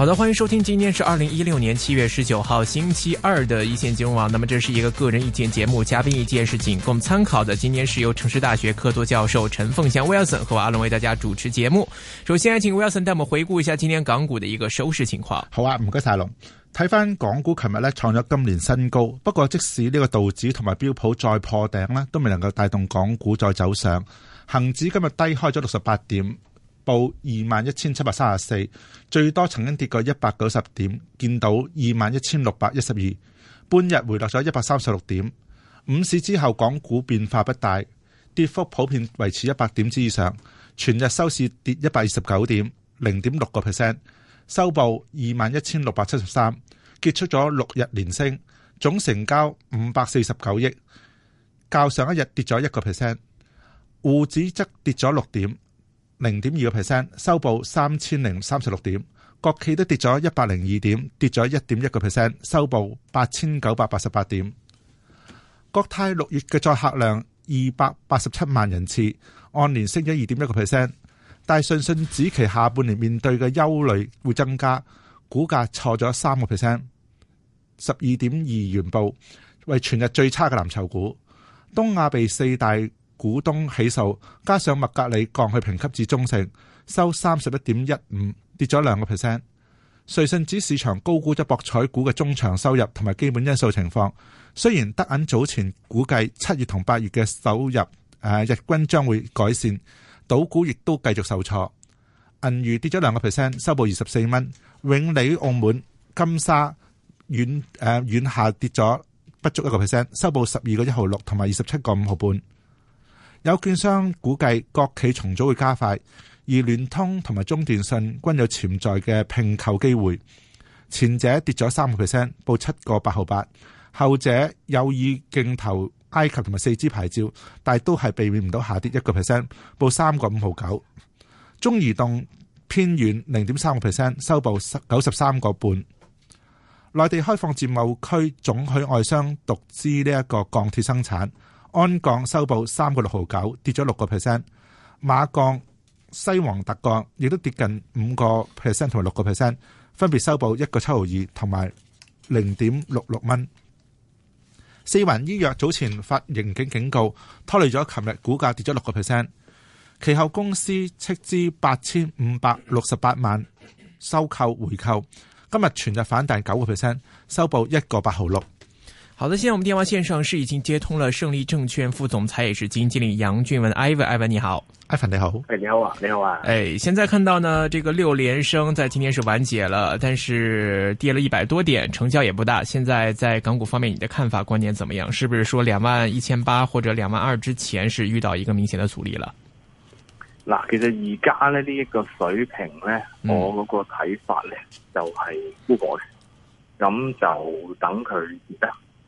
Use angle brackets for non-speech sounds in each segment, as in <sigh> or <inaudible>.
好的，歡迎收聽，今天是二零一六年七月十九號星期二的一線金融網。那麼這是一個個人意見節目，嘉賓意見是僅供參考的。今天是由城市大學客座教授陳鳳翔 Wilson、well、和阿龍為大家主持節目。首先，請 Wilson、well、帶我們回顧一下今天港股的一個收市情況。好啊，唔該晒龍。睇返港股，琴日呢創咗今年新高，不過即使呢個道指同埋標普再破頂呢，都未能夠帶動港股再走上。恒指今日低開咗六十八點。報二萬一千七百三十四，最多曾經跌過一百九十點，見到二萬一千六百一十二，半日回落咗一百三十六點。午市之後港股變化不大，跌幅普遍維持一百點之以上，全日收市跌一百二十九點，零點六個 percent，收報二萬一千六百七十三，結束咗六日連升，總成交五百四十九億，較上一日跌咗一個 percent，滬指則跌咗六點。零點二個 percent，收報三千零三十六點，國企都跌咗一百零二點跌 1. 1，跌咗一點一個 percent，收報八千九百八十八點。國泰六月嘅載客量二百八十七萬人次，按年升咗二點一個 percent，但係信信指其下半年面對嘅憂慮會增加股價錯，股價錯咗三個 percent，十二點二元報，為全日最差嘅藍籌股。東亞被四大股東起售，加上麥格里降去評級至中性，收三十一點一五，跌咗兩個 percent。瑞信指市場高估咗博彩股嘅中場收入同埋基本因素情況。雖然德銀早前估計七月同八月嘅收入誒、啊、日均將會改善，賭股亦都繼續受挫。銀娛跌咗兩個 percent，收報二十四蚊。永利澳門金沙遠誒、呃、遠下跌咗不足一個 percent，收報十二個一毫六同埋二十七個五毫半。有券商估計國企重組會加快，而聯通同埋中電信均有潛在嘅併購機會。前者跌咗三個 percent，報七個八毫八；後者有意競投埃及同埋四 G 牌照，但係都係避免唔到下跌一個 percent，報三個五毫九。中移動偏軟零點三個 percent，收報九十三個半。內地開放自貿區總許外商獨資呢一個鋼鐵生產。安鋼收報三個六毫九，跌咗六個 percent。馬鋼、西王特鋼，亦都跌近五個 percent 同埋六個 percent，分別收報一個七毫二同埋零點六六蚊。四環醫藥早前發盈警警告，拖累咗琴日股價跌咗六個 percent。其後公司斥資八千五百六十八萬收購回購，今日全日反彈九個 percent，收報一個八毫六。好的，現在我們電話線上是已經接通了，勝利證券副總裁也是基金經理楊俊文，Ivan，Ivan 你好，Ivan 你好，誒你好啊，你好啊，誒、哎，現在看到呢，這個六連升在今天是完結了，但是跌了一百多點，成交也不大。現在在港股方面，你的看法觀點怎麼樣？是不是說兩萬一千八或者兩萬二之前是遇到一個明顯的阻力了？嗱，其實而家呢，呢一個水平呢，我嗰個睇法呢，就係沽過嘅，咁就等佢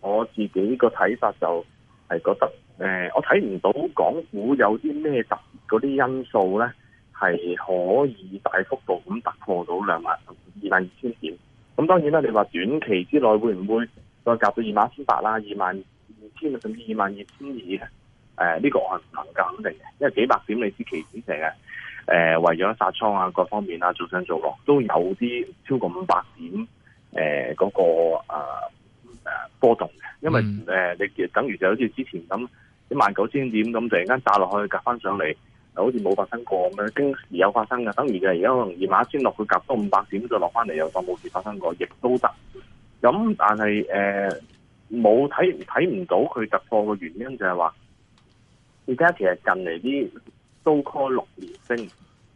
我自己個睇法就係覺得，誒、呃，我睇唔到港股有啲咩特別嗰啲因素咧，係可以大幅度咁突破到兩萬二萬二千點。咁、嗯、當然啦，你話短期之內會唔會再夾到二萬一千八啦、二萬二千甚至二萬二千二咧？誒，呢個我係唔能夠肯定嘅，因為幾百點你知期指成日誒，為、呃、咗殺倉啊、各方面啊，做上做落都有啲超過五百點，誒、呃，嗰、那個、呃誒，波動嘅，因為誒，你、嗯、等於就好似之前咁，一萬九千點咁，突然間炸落去，夾翻上嚟，好似冇發生過咁樣，經時有發生嘅，等於嘅，而家可能二萬一千落去，夾多五百點再落翻嚟，又當冇事發生過，亦都得。咁但係誒，冇睇睇唔到佢突破嘅原因就係話，而家其實近嚟啲都開六連升。.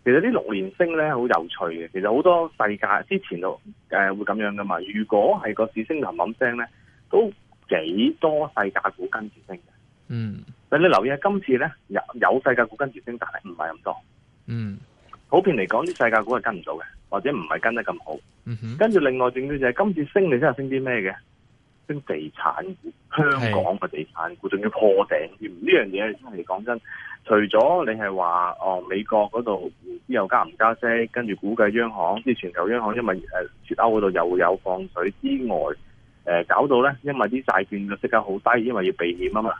其實啲六年升咧好有趣嘅，其實好多細價之前就誒會咁樣噶嘛。如果係個市升冧冧聲咧，都幾多細價股跟住升嘅。嗯，但你留意下今次咧，有有細價股跟住升，但係唔係咁多。嗯，普遍嚟講啲細價股係跟唔到嘅，或者唔係跟得咁好。嗯，跟哼住另外正啲就係今次升你真係升啲咩嘅？升地產股，香港嘅地產股仲要破頂添，呢的樣嘢真係講真。除咗你係話，哦美國嗰度唔知又加唔加息，跟住估計央行即係全球央行因為誒脫歐嗰度又有放水之外，誒、呃、搞到咧，因為啲債券嘅息率好低，因為要避險啊嘛。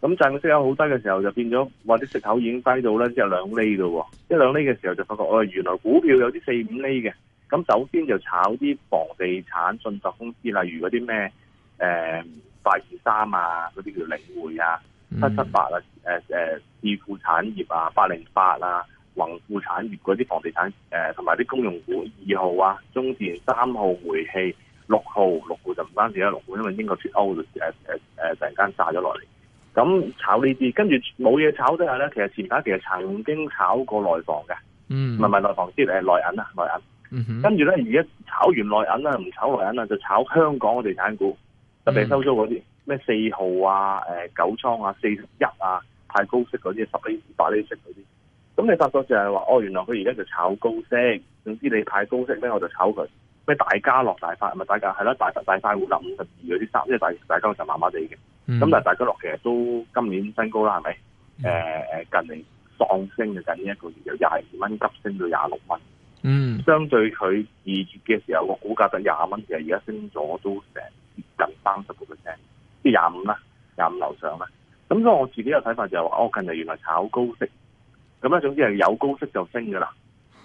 咁債券的息率好低嘅時候，就變咗哇啲息口已經低到咧，即係兩厘嘅喎、哦，一兩厘嘅時候就發覺，哦原來股票有啲四五厘嘅。咁首先就炒啲房地產信託公司，例如嗰啲咩誒八二三啊，嗰啲叫領匯啊。七七八啊，誒誒致富產業啊，八零八啊，宏富產業嗰啲房地產誒，同埋啲公用股二號啊，中電三號、煤氣六號、六號就唔關事啦，六號因為英國脫歐誒誒誒，突然間炸咗落嚟。咁炒呢啲，跟住冇嘢炒之下咧，其實前排其實曾經炒過內房嘅，唔係唔係內房先，誒內銀啊內銀，跟住咧而家炒完內銀啦，唔炒內銀啦，就炒香港嘅地產股，特別收租嗰啲。嗯咩四號啊、誒、呃、九倉啊、四十一啊、派高息嗰啲、十釐、八釐息嗰啲，咁你發覺就係話，哦，原來佢而家就炒高息，總之你派高息咧，我就炒佢。咩大家樂大快活咪大家，係啦，大快活大快活股立五十二嗰啲三，即係大大家就麻麻地嘅。咁但係大家樂、嗯、其實都今年新高啦，係咪？誒誒、嗯，近年喪升嘅，近一個月有廿二蚊急升到廿六蚊。嗯，相對佢二月嘅時候個股價就廿蚊，其實而家升咗都成近三十個 percent。廿五啦，廿五樓上啦，啊，咁所以我自己嘅睇法就係話、是，我近日原來炒高息，咁咧總之係有高息就升噶啦。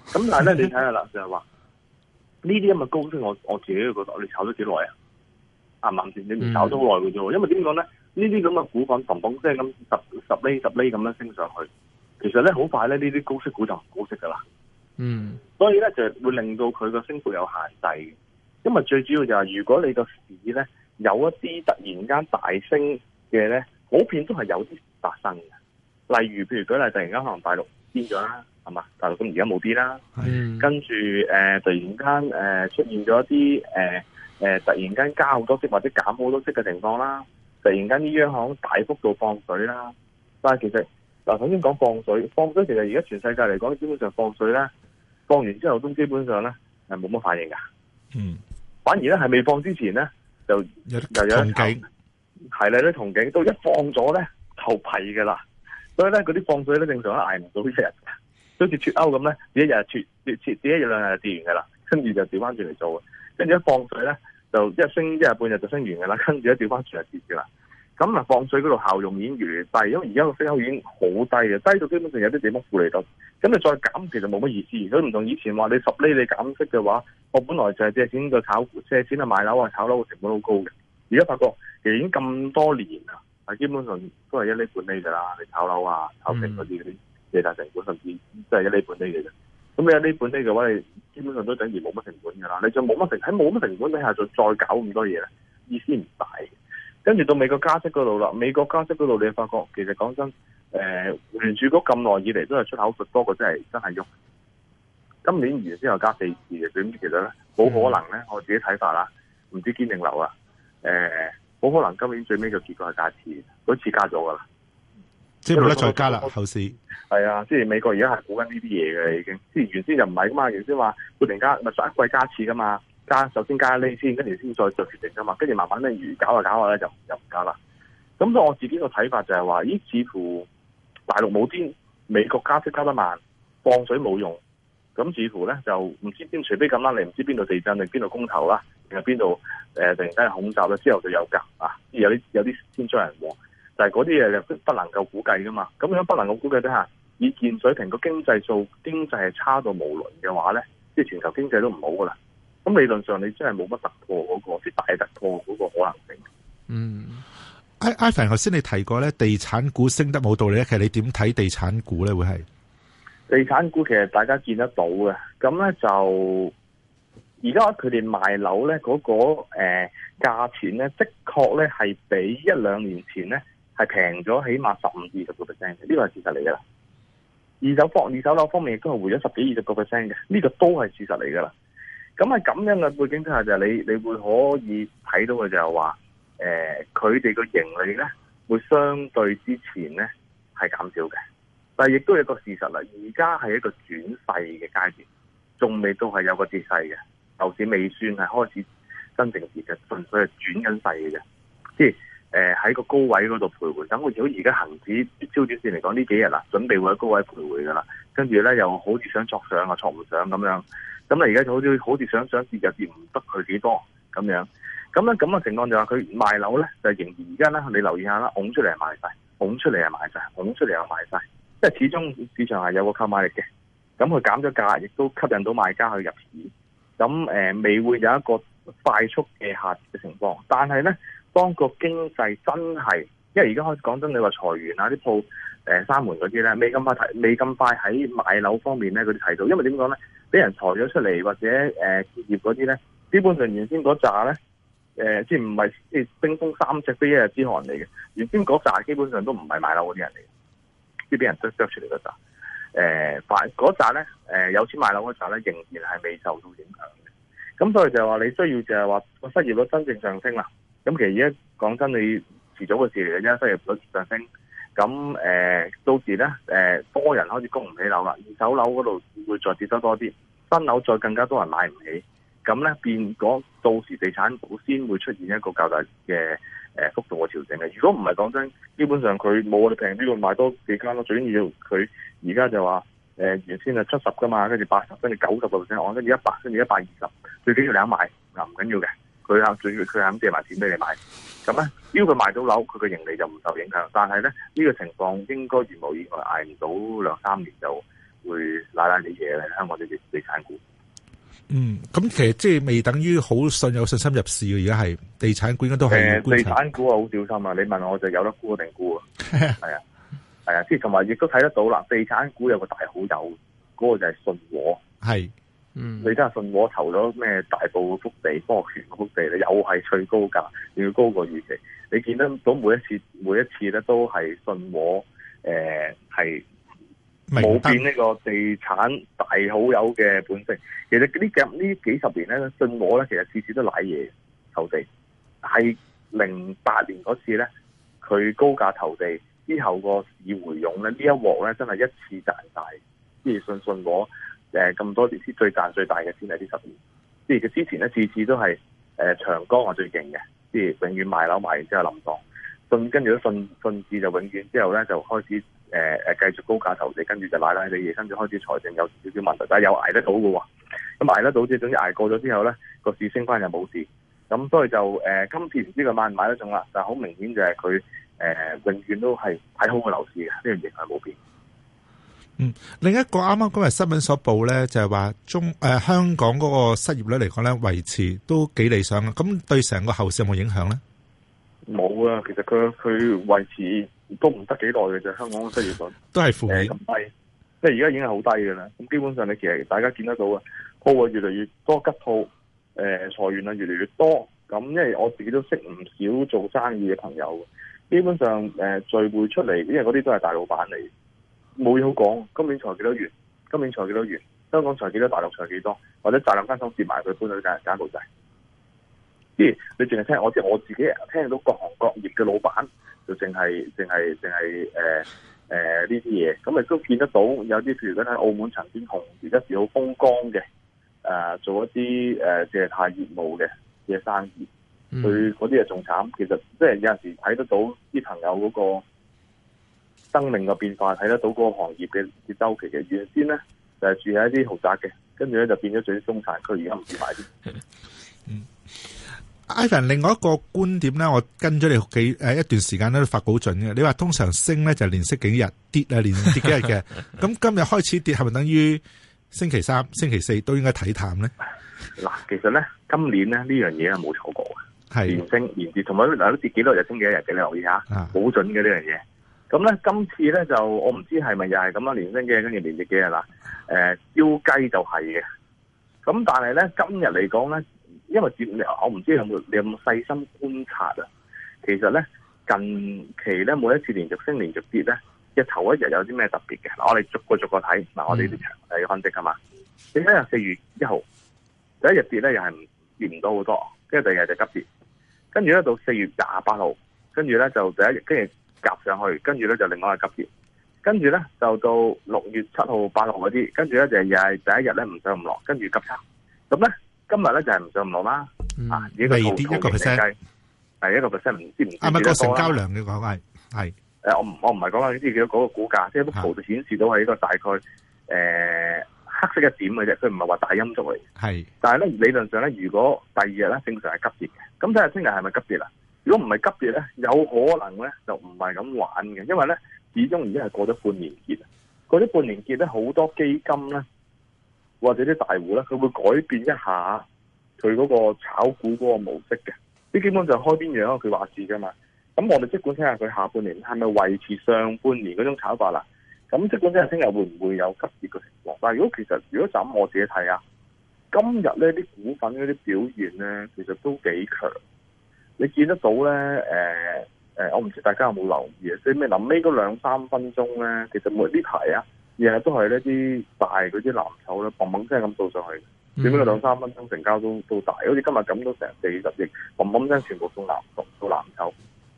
咁但係咧， <laughs> 你睇下啦，就係話呢啲咁嘅高息我，我我自己都覺得你、啊是是，你炒咗幾耐啊？啱唔啱先？你唔炒咗好耐嘅啫。因為點講咧？呢啲咁嘅股份，嘣嘣聲咁十十厘十厘咁樣升上去，其實咧好快咧，呢啲高息股就唔高息噶啦。嗯，所以咧就會令到佢個升幅有限制嘅，因為最主要就係、是、如果你個市咧。有一啲突然間大升嘅咧，普遍都係有啲發生嘅。例如，譬如舉例，突然間可能大陸跌咗啦，係嘛？大陸咁而家冇啲啦，mm. 跟住誒、呃，突然間誒、呃、出現咗一啲誒誒，突然間加好多息或者減好多息嘅情況啦。突然間啲央行大幅度放水啦，但係其實嗱，頭先講放水，放水其實而家全世界嚟講，基本上放水咧，放完之後都基本上咧係冇乜反應噶。嗯，mm. 反而咧係未放之前咧。就有又有同係啦啲同警警，到一放咗咧，頭皮噶啦，所以咧嗰啲放水咧，正常都挨唔到一日嘅，好似脫歐咁咧，一日脫脫，只一日兩日就，就，就，就跌完噶啦，跟住就調翻轉嚟做，跟住一放水咧，就一日升一日半日就升完噶啦，跟住一調翻轉就跌住啦。咁啊，放水嗰度效用已經越嚟越低，因為而家個息口已經好低嘅，低到基本上有啲地方負利率。咁你再減，其實冇乜意思。如果唔同以前話你十厘你減息嘅話，我本來就係借錢就炒，借錢啊買樓啊炒樓嘅成本好高嘅。而家發覺其實已經咁多年啦，係基本上都係一厘半厘㗎啦。你炒樓啊、炒平嗰啲嗰啲地價成本，嗯、成本甚至即係一厘半厘嘅啫。咁一厘半厘嘅話，你基本上都等於冇乜成本㗎啦。你再冇乜成，喺冇乜成本底下就再搞咁多嘢咧，意思唔大。跟住到美國加息嗰度啦，美國加息嗰度你發覺其實講真，誒、呃，聯儲局咁耐以嚟都係出口術多過真係真係喐。今年原先有加四次嘅，點知其實咧冇可能咧，嗯、我自己睇法啦，唔知堅定流啊，誒、呃，冇可能今年最尾嘅結果係加次，嗰次加咗噶啦，即係冇得再加啦，那個、後市。係啊，即係美國而家係估緊呢啲嘢嘅，已經。即係原先就唔係噶嘛，原先話半年加，咪十一季加次噶嘛。加首先加呢先，跟住先再做決定噶嘛，跟住慢慢咧，如搞下搞下咧就又唔加啦。咁所以我自己個睇法就係話，咦？似乎大陸冇天，美國加息加得慢，放水冇用，咁似乎咧就唔知點，除非咁啦，你唔知邊度地震定邊度公投啦，定係邊度誒突然間係恐襲啦，之後就有加啊，有啲有啲天災人禍，但係嗰啲嘢又不能夠估計噶嘛。咁樣不能夠估計底下以現水平個經濟數，經濟係差到無倫嘅話咧，即係全球經濟都唔好噶啦。咁理論上，你真係冇乜突破嗰、那個啲大突破嗰個可能性。嗯，Ivan、Ivan，頭先你提過咧，地產股升得冇道理咧，其實你點睇地產股咧？會係地產股其實大家見得到嘅。咁咧就而家佢哋賣樓咧嗰個誒價錢咧，的確咧係比一兩年前咧係平咗，起碼十五二十個 percent，呢個係事實嚟噶啦。二手房、二手樓方面亦都係回咗十幾二十個 percent 嘅，呢個都係事實嚟噶啦。咁喺咁樣嘅背景之下就，就你你會可以睇到嘅就係、是、話，誒、呃，佢哋個盈利咧，會相對之前咧係減少嘅。但係亦都有一個事實啦，而家係一個轉勢嘅階段，仲未都係有個跌勢嘅，樓市未算係開始真正跌嘅，純粹係轉緊勢嘅，即係。誒，喺個高位嗰度徘徊，等咁好似而家恒指超短綫嚟講，呢幾日啦，準備會喺高位徘徊噶啦，跟住咧又好似想作上啊，作唔上咁樣，咁啊而家就好似好似想上跌又跌唔得，佢幾多咁樣，咁咧咁嘅情況就話、是、佢賣樓咧就仍然而家咧，你留意下啦，拱出嚟賣晒，拱出嚟啊賣晒，拱出嚟又賣晒，即係始終市場係有個購買力嘅，咁佢減咗價，亦都吸引到賣家去入市，咁誒未會有一個快速嘅下跌嘅情況，但係咧。當個經濟真係，因為而家開始講真，你話裁員啊，啲鋪誒閂門嗰啲咧，未咁快提，未咁快喺買樓方面咧嗰啲提到，因為點講咧，俾人裁咗出嚟或者誒、呃、結業嗰啲咧，基本上原先嗰紮咧誒，即係唔係即係冰封三尺非一日之寒嚟嘅。原先嗰紮基本上都唔係買樓嗰啲人嚟嘅，即係俾人捽出嚟嗰扎誒，嗰紮咧誒，有錢買樓嗰紮咧仍然係未受到影響嘅。咁所以就係話，你需要就係話個失業率真正上升啦。咁、嗯、其實而家講真，你遲早嘅事嚟嘅啫，收入率上升，咁誒、呃、到時咧誒、呃、多人開始供唔起樓啦，二手樓嗰度會再跌得多啲，新樓再更加多人買唔起，咁咧變嗰到時地產股先會出現一個較大嘅誒、呃、幅度嘅調整嘅。如果唔係講真，基本上佢冇我哋平都要買多幾間咯。最緊要佢而家就話誒、呃、原先係七十㗎嘛，跟住八十，跟住九十個 percent，跟住一百，跟住一百二十，最緊要你一買嗱唔緊要嘅。佢啊，佢肯借埋錢俾你買，咁咧，如果佢買到樓，佢嘅盈利就唔受影響。但係咧，呢、這個情況應該如無意外捱唔到兩三年就會拉拉啲嘢嚟香港啲地地產股。嗯，咁、嗯、其實即係未等於好信有信心入市嘅，而家係地產股應該都係。地產股啊，好小心啊！你問我就有得估定估啊？係 <laughs> 啊，係啊，即係同埋亦都睇得到啦。地產股有個大好友，嗰、那個就係信和。係。嗯，你真係信我投咗咩大埔幅地、科學園幅地咧，又係最高價，仲要高過預期。你見到每一次、每一次咧都係信我，誒、呃，係冇變呢個地產大好友嘅本色。其實呢幾呢幾十年咧，信我咧，其實次次都賴嘢投地。係零八年嗰次咧，佢高價投地之後個市回勇咧，呢一鑊咧真係一次賺大。即係信信我。誒，咁、呃、多啲先最賺最大嘅先係呢十年，即係佢之前咧次次都係誒、呃、長江係最勁嘅，即係永遠賣樓賣完之後林放信，跟住都信信至就永遠之後咧就開始誒誒繼續高價投地，跟住就拉拉地嘢，跟住開始財政有少少問題，但係又捱得到噶喎，咁、嗯、捱得到即係總之捱過咗之後咧個市升返又冇事，咁所以就誒、呃、今次唔知佢買唔買得中啦，但係、呃、好明顯就係佢誒永遠都係睇好個樓市嘅呢樣嘢係冇變。嗯，另一個啱啱今日新聞所報咧，就係、是、話中誒、呃、香港嗰個失業率嚟講咧，維持都幾理想嘅。咁對成個後市有冇影響咧？冇啊，其實佢佢維持都唔得幾耐嘅，就香港嘅失業率都係負嘅咁低，即係而家已經係好低嘅啦。咁基本上你其實大家見得到啊，嘅，會越嚟越多吉舖誒裁員啊，越嚟越多。咁、呃呃、因為我自己都識唔少做生意嘅朋友，基本上誒、呃、聚會出嚟，因為嗰啲都係大老闆嚟。冇嘢好講，今年才幾多元？今年才幾多元？香港才幾多？大陸才幾多？或者債兩間房接埋，佢搬去揀間老細。啲，你淨係聽我即係我自己聽到各行各業嘅老闆，就淨係淨係淨係誒誒呢啲嘢，咁亦都見得到有啲譬如緊喺澳門曾經紅而一時好風光嘅，誒、呃、做一啲誒借貸業務嘅嘅生意，佢嗰啲嘢仲慘。其實即係有陣時睇得到啲朋友嗰、嗰個。生命嘅變化睇得到個行業嘅周期嘅，原先咧就係、住喺一啲豪宅嘅，跟住咧就變咗住中產區，而家唔知埋啲。嗯，Ivan，另外一個觀點咧，我跟咗你幾誒一段時間咧，都發好準嘅。你話通常升咧就連升幾日，跌啊，連跌幾日嘅。咁 <laughs> 今日開始跌，係咪等於星期三、星期四都應該睇淡咧？嗱，其實咧今年咧呢樣嘢係冇錯過嘅，係的連升連跌，同埋嗱都跌幾多日，升幾多日嘅，你留意下，好、啊、準嘅呢樣嘢。咁咧，今次咧、呃、就我唔知係咪又係咁樣連升幾日跟住連跌幾日啦。誒，燒雞就係嘅。咁但係咧，今日嚟講咧，因為接我唔知有冇你有冇細心觀察啊？其實咧，近期咧每一次連續升、連續跌咧，一頭一日有啲咩特別嘅？嗱，我哋逐個逐個睇。嗱、嗯，我哋呢啲長嘅分析噶嘛？點解啊？四月一號第一日跌咧，又係唔跌唔到好多。跟住第二日就急跌，跟住咧到四月廿八號，跟住咧就第一日，跟住。夾上去，跟住咧就另外係急跌，跟住咧就到六月七號、八號嗰啲，跟住咧就又係第一日咧唔上唔落，跟住急差。咁咧今日咧就係唔上唔落啦。嗯、啊，土土嗯、1> 第二啲一個 percent，係一個 percent 唔知唔。啊，咪、那個成交量嘅講係係。誒，我唔我唔係講話呢啲幾多嗰個股價，是即係幅圖就顯示到係一個大概誒、呃、黑色嘅點嘅啫，佢唔係話大陰燭嚟。係是。但係咧理論上咧，如果第二日咧正常係急跌嘅。咁睇下聽日係咪急跌啦？如果唔係急跌咧，有可能咧就唔係咁玩嘅，因為咧始終已經係過咗半年結了，過咗半年結咧好多基金咧或者啲大戶咧佢會改變一下佢嗰個炒股嗰個模式嘅，啲基本上是開邊樣佢話事噶嘛，咁我哋即管聽下佢下半年係咪維持上半年嗰種炒法啦，咁即管聽下，聽日會唔會有急跌嘅情況？但係如果其實如果就咁我自己睇啊，今日呢啲股份嗰啲表現咧其實都幾強。你見得到咧？誒、呃、誒、呃，我唔知大家有冇留意啊！所以咩臨尾嗰兩三分鐘咧，其實每呢排啊，日日都係呢啲大嗰啲藍籌咧，砰砰聲咁到上去。最尾嗰兩三分鐘成交都到大，好似今日咁都成四十億，砰砰聲全部送藍送藍籌。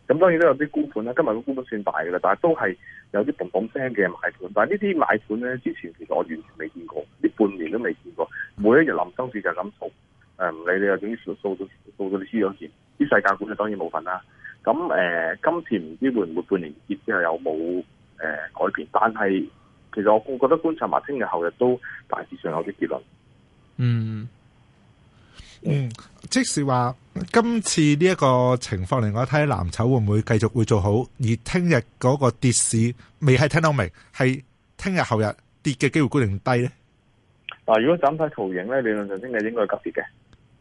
咁當然都有啲沽盤啦，今日個沽盤算大㗎啦，但係都係有啲砰砰聲嘅買盤。但係呢啲買盤咧，之前其實我完全未見過，呢半年都未見過，每一日臨收市就咁做。誒，唔理你又點，數到數到你輸咗錢，啲世界股就當然冇份啦。咁誒、呃，今次唔知會唔會半年跌之後有冇誒、呃、改變？但係其實我估覺得觀察埋聽日、後日都大致上有啲結論。嗯嗯，即使話今次呢一個情況嚟，我睇下藍籌會唔會繼續會做好？而聽日嗰個跌市未係聽到明，係聽日後日跌嘅機會固定低咧。嗱，如果睇翻圖形咧，理論上聽日應該係急跌嘅。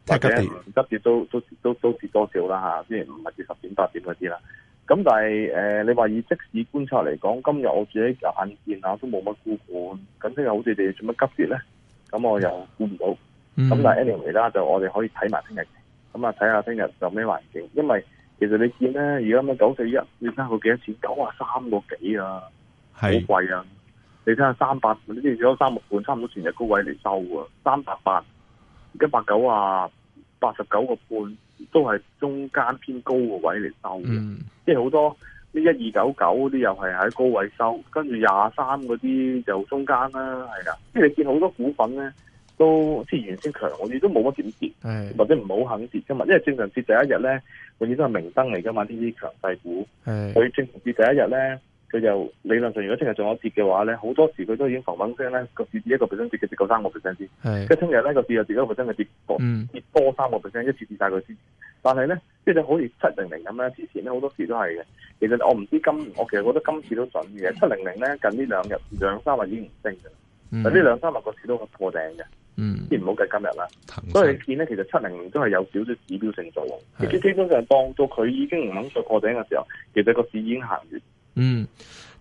或者急跌都都都都跌多少啦嚇，雖然唔係跌十點八點嗰啲啦。咁但係誒、呃，你話以即時觀察嚟講，今日我自己就眼見啊，都冇乜沽盤，咁聽日好哋哋做乜急跌咧？咁我又估唔到。咁、嗯、但係 anyway 啦，就我哋可以睇埋聽日，咁啊睇下聽日有咩環境。因為其實你見咧，而家咁九四一，你睇下佢幾多錢？九啊三個幾啊，好貴啊！是你睇下三百，你知唔知？如果三六半，差唔多全日高位嚟收啊，三百八，一百九啊。八十九個半都係中間偏高個位嚟收嘅，即係好多啲一二九九嗰啲又係喺高位收，跟住廿三嗰啲就中間啦，係啦，即係你見好多股份咧，都即係原先強我啲都冇乜點跌，的或者唔好肯跌噶嘛，因為正常跌第一日咧，永遠都係明燈嚟噶嘛，呢啲強勢股，佢的正常跌第一日咧。佢又理論上，如果聽日仲有跌嘅話咧，好多時佢都已經浮蚊聲咧個市跌一個 percent，跌至九三個 percent。先。即係聽日咧個市又跌咗個 percent 嘅跌，跌多三、嗯、個 percent，一次跌晒佢之前。但係咧，即係好似七零零咁咧，之前咧好多時都係嘅。其實我唔知今，我其實覺得今次都準嘅。七零零咧近呢兩日兩三日已經唔升嘅，嗱呢、嗯、兩三日個市都破頂嘅。嗯，先唔好計今日啦。騰生 所以你見咧，其實七零零都係有少少指標性作用。是 基基本上當到佢已經唔肯再破頂嘅時候，其實個市已經行完。嗯，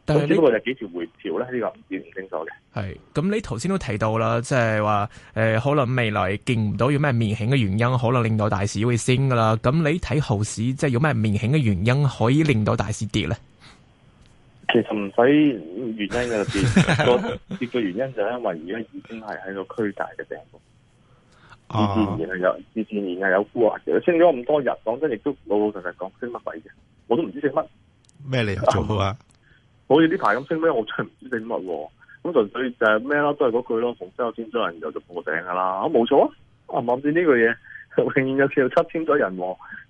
但係呢，這個就幾時回調咧？呢個唔知唔清楚嘅。係，咁你頭先都提到啦，即係話，誒、呃，可能未來見唔到有咩明顯嘅原因，可能令到大市會升噶啦。咁你睇後市，即、就、係、是、有咩明顯嘅原因可以令到大市跌咧？其實唔使原因嘅跌，個跌嘅原因就係因為而家已經係喺個巨大嘅地方。自然係有自然係有沽啊！升咗咁多日，講真，亦都老老實實講，升乜鬼嘅？我都唔知升乜。咩理由做好啊？好似呢排咁升咩，我真係唔知升乜。咁純粹就係咩啦，都係嗰句咯。逢七千多人有就破頂噶啦，冇錯啊。啊，望住呢句嘢，永遠有超過七千多人。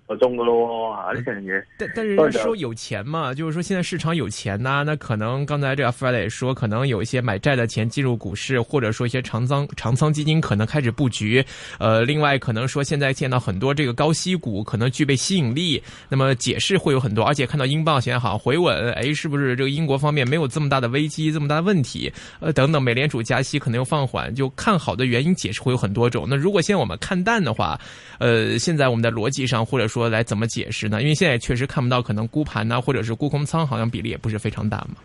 個中個咯啊，呢樣嘢。但但是說有錢嘛，就是說現在市場有錢呐、啊，那可能剛才這個 Freddie 說，可能有一些買債的錢進入股市，或者說一些長倉長倉基金可能開始布局。呃，另外可能說現在見到很多這個高息股可能具備吸引力，那麼解釋會有很多，而且看到英鎊現在好像回穩，哎，是不是這個英國方面沒有這麼大的危機，這麼大的問題？呃，等等，美聯儲加息可能又放緩，就看好的原因解釋會有很多種。那如果現在我們看淡的話，呃，現在我們的邏輯上或者說。我來怎麼解釋呢？因為現在確實看不到可能沽盤呢，啊，或者是沽空倉，好像比例也不是非常大嘛。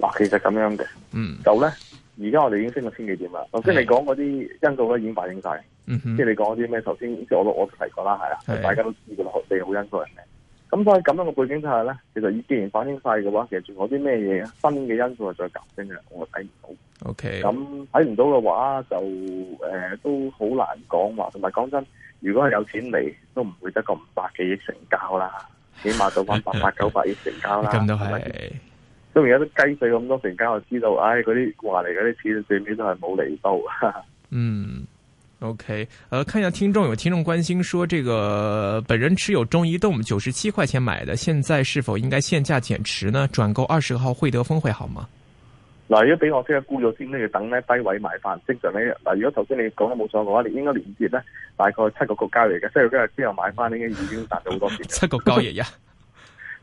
嗱，其實咁樣嘅，嗯，有咧。而家我哋已經升到千幾點啦。頭先、嗯、你講嗰啲因素咧已經反映晒，即係你講啲咩？頭先即係我我提過啦，係啊，嗯，大家都知嘅好利好因素嚟嘅。咁的所以咁樣嘅背景之下咧，其實已既然反映晒嘅話，其實仲有啲咩嘢新嘅因素啊再搞升嘅，我睇唔到。O K，咁睇唔到嘅話就誒，呃，都好難講話，同埋講真。如果係有錢嚟，都唔會得個五百幾億成交啦，起碼做翻八百九百億成交啦。咁 <laughs> 都係。咁而家啲雞碎咁多成交，我知道，唉、哎，嗰啲話嚟嗰啲錢最屘都係冇嚟到。 <laughs> 嗯，OK，呃，看一下聽眾，有聽眾關心說，這個本人持有中移動九十七塊錢買的，現在是否應該限價減持呢？轉購二十號惠德峰會好嗎？嗱，如果俾我先沽咗先咧，要等咧低位買翻。正常咧，嗱，如果頭先你講得冇錯嘅話，你應該連接咧大概七個交易日嘅，七個交易日之後買翻已經已經達到好多錢。七個交易日，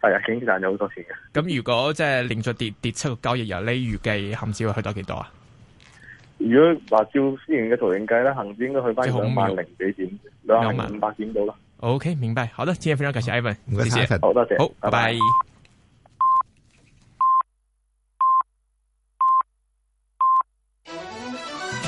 係啊，已經賺咗好多錢嘅。咁如果即係連續跌跌七個交易日，你預計恒指會去到幾多啊？如果話照先嘅圖形計咧，恒指應該去翻兩萬零幾點，兩萬五百點到啦。O、okay, K，明白。好的，今日非常感謝 Ivan 唔該好多謝，好拜拜。Bye bye bye bye